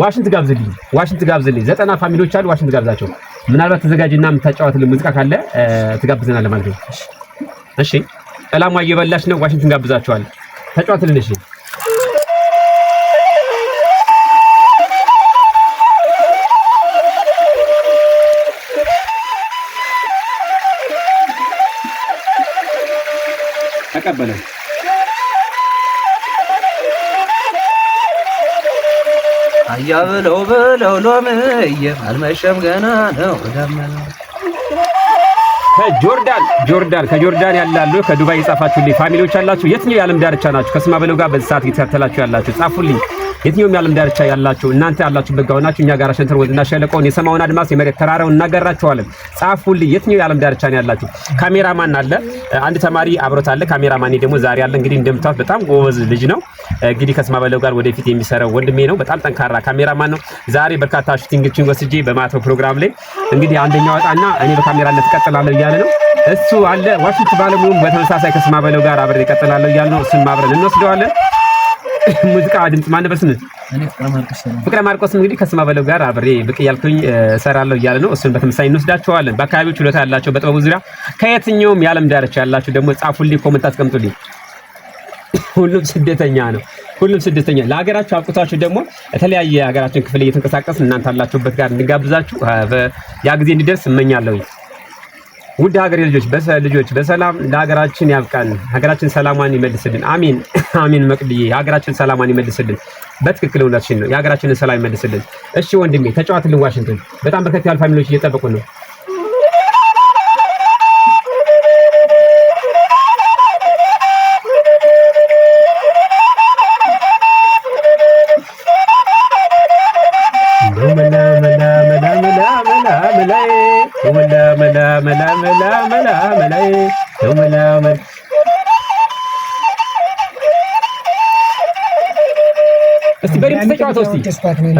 ዋሽንት ጋብዝልኝ፣ ዋሽንት ጋብዝልኝ። ዘጠና ፋሚሊዎች አሉ። ዋሽንት ጋብዛቸው። ምናልባት ተዘጋጅና የምታጫወትልን ሙዚቃ ካለ ትጋብዘናለህ ማለት ነው። እሺ፣ ሰላሟ እየበላች ነው። ዋሽንትን ጋብዛቸዋል። ተጫወትልን። እሺ ተቀበለን አህያ ብለው ብለው ሎምዬ አልመሸም ገና ነው ደመና። ከጆርዳን ጆርዳን ከጆርዳን ያላሉ ከዱባይ የጻፋችሁልኝ ፋሚሊዎች አላችሁ፣ የትኛው የዓለም ዳርቻ ናችሁ? ከስማ በለው ጋር በዚህ ሰዓት የተከታተላችሁ ያላችሁ ጻፉልኝ። የትኛውም የዓለም ዳርቻ ያላችሁ እናንተ ያላችሁበት ጋር ሆናችሁ እኛ ጋር ሸንተር ወንዝና ሸለቆውን የሰማውን አድማስ የመሬት ተራራውን እናጋራችኋለን። ጻፉልኝ። የትኛው የዓለም ዳርቻ ነው ያላችሁ? ካሜራማን አለ፣ አንድ ተማሪ አብሮት አለ። ካሜራማን ደግሞ ዛሬ አለ። እንግዲህ እንደምታዩት በጣም ጎበዝ ልጅ ነው። እንግዲህ ከስማበለው ጋር ወደፊት የሚሰራው ወንድሜ ነው። በጣም ጠንካራ ካሜራማን ነው። ዛሬ በርካታ ሹቲንጎችን ወስጄ በማተው ፕሮግራም ላይ እንግዲህ አንደኛው ወጣና እኔ በካሜራነት እቀጥላለሁ እያለ ነው። እሱ አለ ዋሽንት ባለሙሉ በተመሳሳይ ከስማበለው ጋር አብረን እቀጥላለሁ እያለ ነው። እሱም አብረን እንወስደዋለን። ሙዚቃ ድምጽ ማን ነበር ስንል ፍቅረ ማርቆስ እንግዲህ ከስማ በለው ጋር አብሬ ብቅ እያልኩኝ እሰራለሁ እያለ ነው። እሱን በተመሳይ እንወስዳቸዋለን። በአካባቢው ችሎታ ያላቸው በጥበቡ ዙሪያ ከየትኛውም የዓለም ዳርቻ ያላችሁ ደግሞ ጻፉልኝ፣ ኮመንት አስቀምጡልኝ። ሁሉም ስደተኛ ነው። ሁሉም ስደተኛ ለሀገራችሁ አብቅቷችሁ ደግሞ የተለያየ ሀገራችን ክፍል እየተንቀሳቀስ እናንተ አላችሁበት ጋር እንጋብዛችሁ ያ ጊዜ እንዲደርስ ውድ ሀገሬ ልጆች ልጆች በሰላም ለሀገራችን ያብቃን። ሀገራችን ሰላሟን ይመልስልን። አሚን አሚን። መቅድዬ ሀገራችን ሰላሟን ይመልስልን። በትክክል እውነትሽን ነው። የሀገራችንን ሰላም ይመልስልን። እሺ ወንድሜ ተጫዋትልን። ዋሽንግተን በጣም በርከት ያሉ ፋሚሊዎች እየጠበቁ ነው። መላመላመላመላመላመላመል እስቲ በድምፅ ተጫወተው።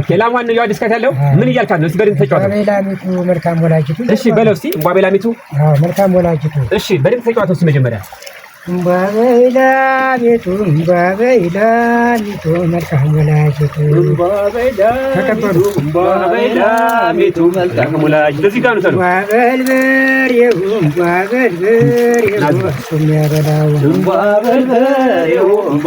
እስቲ ላሟን ያው ዲስካት ያለው ምን እያልካት ነው? እስቲ በድምፅ ተጫወተው። መልካም ወላጅቱ። እሺ በለው እስቲ። እምቧ ቤላሚቱ መልካም ወላጅቱ። እሺ በድምፅ ተጫወተው እስቲ መጀመሪያ እምባ በይላ ቤቱ እምባ በይላ ቤቱ መልካም ወላጅቱ እምባ በይላ ቤቱ መልካም ወላጅቱ እዚህ ጋር ነው። በልበር የው እምባ በልበር አርሶ የሚያበላው እምባ በልበር የው እምባ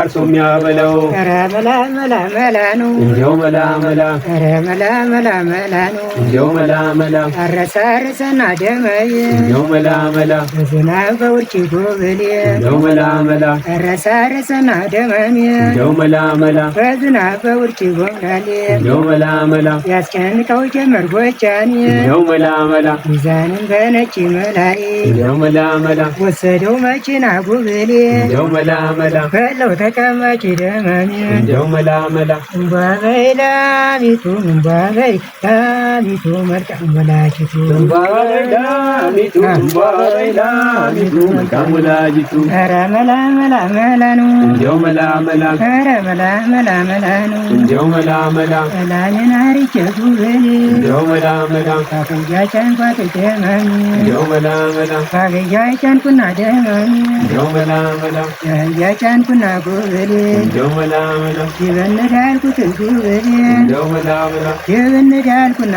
አርሶ የሚያበላው ኧረ መላ መላ መላ ነው እንዲያው መላ መላ ኧረ መላ መላ መላ ነው እንዲያው መላ መላ አረሳረሰና ደመየ እንዲያው መላ መላ አበውጭ ጎብሌ እንደው መላ መላ ረሳ ረሰና ደመሜ እንደው መላ መላ በዝናብ በውርጭ ጎምዳሌ እንደው መላ መላ ያስጨንቀው ጀመር ጎጃኔ እንደው መላ መላ ሚዛንን በነጭ መላይ እንደው መላ መላ ወሰደው መኪና ጉብሌ እንደው መላ መላ በለው ተቀማጭ ደመሜ እንደው መላ መላ እንቧበይ ላሚቱ እንቧበይ ላሚቱ መልካም ወላጅቱ ኧረ መላ መላ መላ ነው እንዲያው መላ መላ ኧረ መላ መላ መላ ነው እንዲያው መላ መላ አርጀቱ በል እንዲያው መላ መላ ካፍያ እንዲያው መላ መላ ካፍያ እንዲያው መላ መላ ካፍያ ጎበል እንዲያው መላ መላ እንዲያው መላ መላ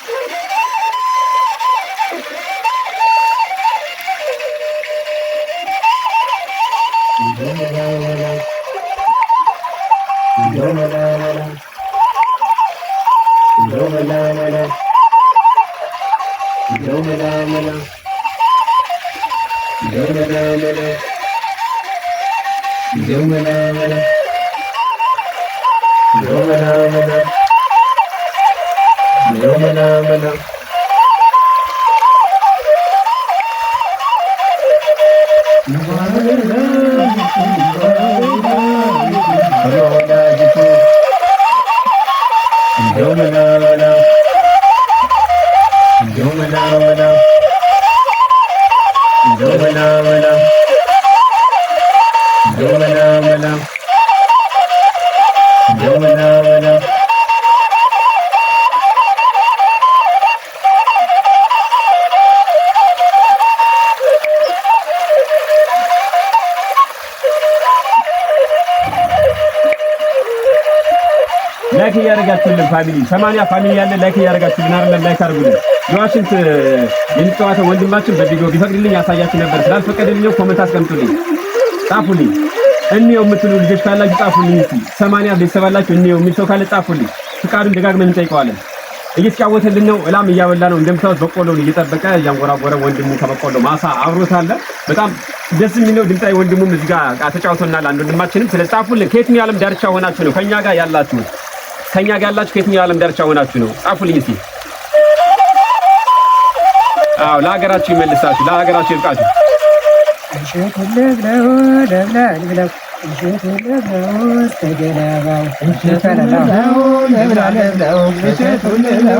Namah ላይክ እያደረጋችሁልን ፋሚሊ ሰማንያ ፋሚሊ ያለ ላይክ እያደረጋችሁልን አይደለም? ላይክ አድርጉልን። ጆአሽንት የሚጫወተው ወንድማችን በቪዲዮ ቢፈቅድልኝ ያሳያችሁ ነበር። ስላልፈቀደልኝ ኮመንት አስቀምጡልኝ፣ ጻፉልኝ። እንየው የምትሉ ልጆች ካላችሁ ጻፉልኝ። እስኪ ሰማንያ ቤተሰብ አላችሁ እንየው የሚል ሰው ካለ ጻፉልኝ። ፍቃዱን ደጋግመን እንጠይቀዋለን። እየተጫወተልን ነው። እላም እያበላ ነው። እንደምታዩት በቆሎውን እየጠበቀ እያንጎራጎረ ወንድሙ ከበቆሎ ማሳ አብሮት በጣም ደስ የሚለው ድምፃዊ ወንድሙም እዚህ ጋር ተጫውቶናል። አንድ ወንድማችንም ስለ ጻፉልን ከየትኛው ዓለም ዳርቻ ሆናችሁ ነው ከኛ ጋር ያላችሁ ከኛ ጋር ያላችሁ ከየትኛው ዓለም ዳርቻ ሆናችሁ ነው? ጻፉልኝ እስኪ። አዎ ለሀገራችሁ ይመልሳችሁ፣ ለሀገራችሁ ይብቃችሁ። እሸት ለብለውት ተገለባው ተገለባው ተገለባው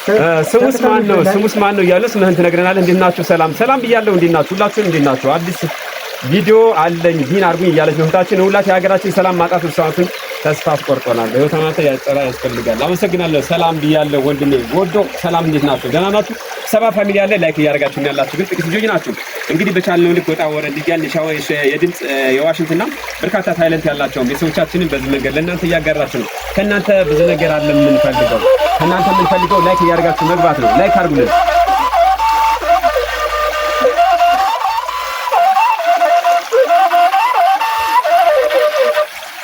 ስሙስ ማን ነው? ስሙስ ማን ነው እያለ ስምህን ትነግረናለህ። እንዴት ናችሁ? ሰላም ሰላም ብያለሁ። እንዴት ናችሁ? ሁላችሁን እንዴት ናችሁ? አዲስ ቪዲዮ አለኝ ዲን አድርጉኝ እያለች ነው እህታችን። ሁላት የሀገራችን ሰላም ማጣት ብሰቱን ተስፋ አስቆርጦናል። በህይወታናተ ያጠራ ያስፈልጋል። አመሰግናለሁ። ሰላም ብያለሁ ወንድሜ ወዶ። ሰላም እንዴት ናቸው? ደህና ናችሁ? ሰባ ፋሚሊ አለ ላይክ እያደረጋችሁ ያላችሁ ግን ጥቂት ልጆች ናችሁ። እንግዲህ በቻልነው ልክ ወጣ ወረድ እያልን የድምፅ የዋሽንትና በርካታ ታይለንት ያላቸውን ቤተሰቦቻችንን በዚህ መንገድ ለእናንተ እያጋራችሁ ነው። ከእናንተ ብዙ ነገር አለ የምንፈልገው ከእናንተ የምንፈልገው ላይክ እያደረጋችሁ መግባት ነው። ላይክ አድርጉልን።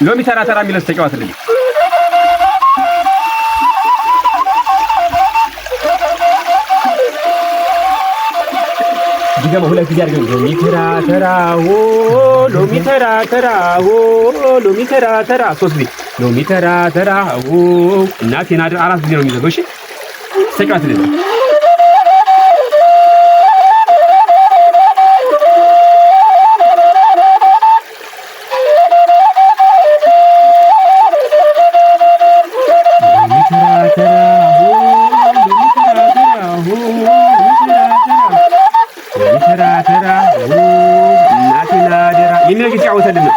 ሎሚ ተራ ተራ የሚለስ ተጫዋትልኝ ዲገማ ሁለት ጊዜ አድርገን ሎሚ ተራ ተራ ሆ ሎሚ ተራ ተራ ሆ ሎሚ ተራ ተራ ሶስት ጊዜ ሎሚ ተራ ተራ ሆ እናቴን አራት ጊዜ ነው የሚዘገው። እሺ እድሜ እየተጫወተልን ነው።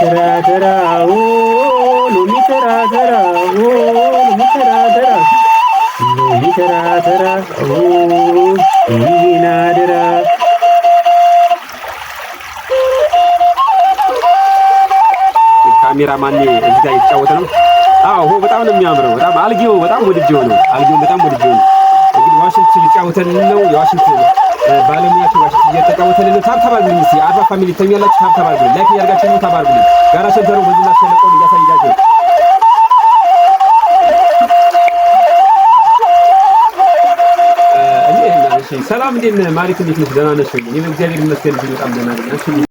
ተራ ተራው አደራ ይህን አደራ ካሜራ ማን እዚህ ጋር እየተጫወተ ነው። አዎ በጣም ነው የሚያምረው። በጣም አልጌው በጣም ወድጄው ነው። አልጌው በጣም ወድጄው ነው። እንግዲህ ዋሽንት ሊጫወተልን ነው። የዋሽንት ባለሙያቱ ዋሽንት እየተጫወተልን ነው። ታብታባልኝ እስኪ አርባ ፋሚሊ ተኛላችሁ። ታብታባልኝ ላይክ እያደረጋችሁ ነው። ታባልኝ ጋራ ሰንተሩ በዚህ ማሸለቆ እያሳያችሁ ሰላም እንዴት ነህ? ማሪክ እንዴት ነሽ? ደህና ነሽ ወይ? እግዚአብሔር ይመስገን በጣም ደህና ነኝ።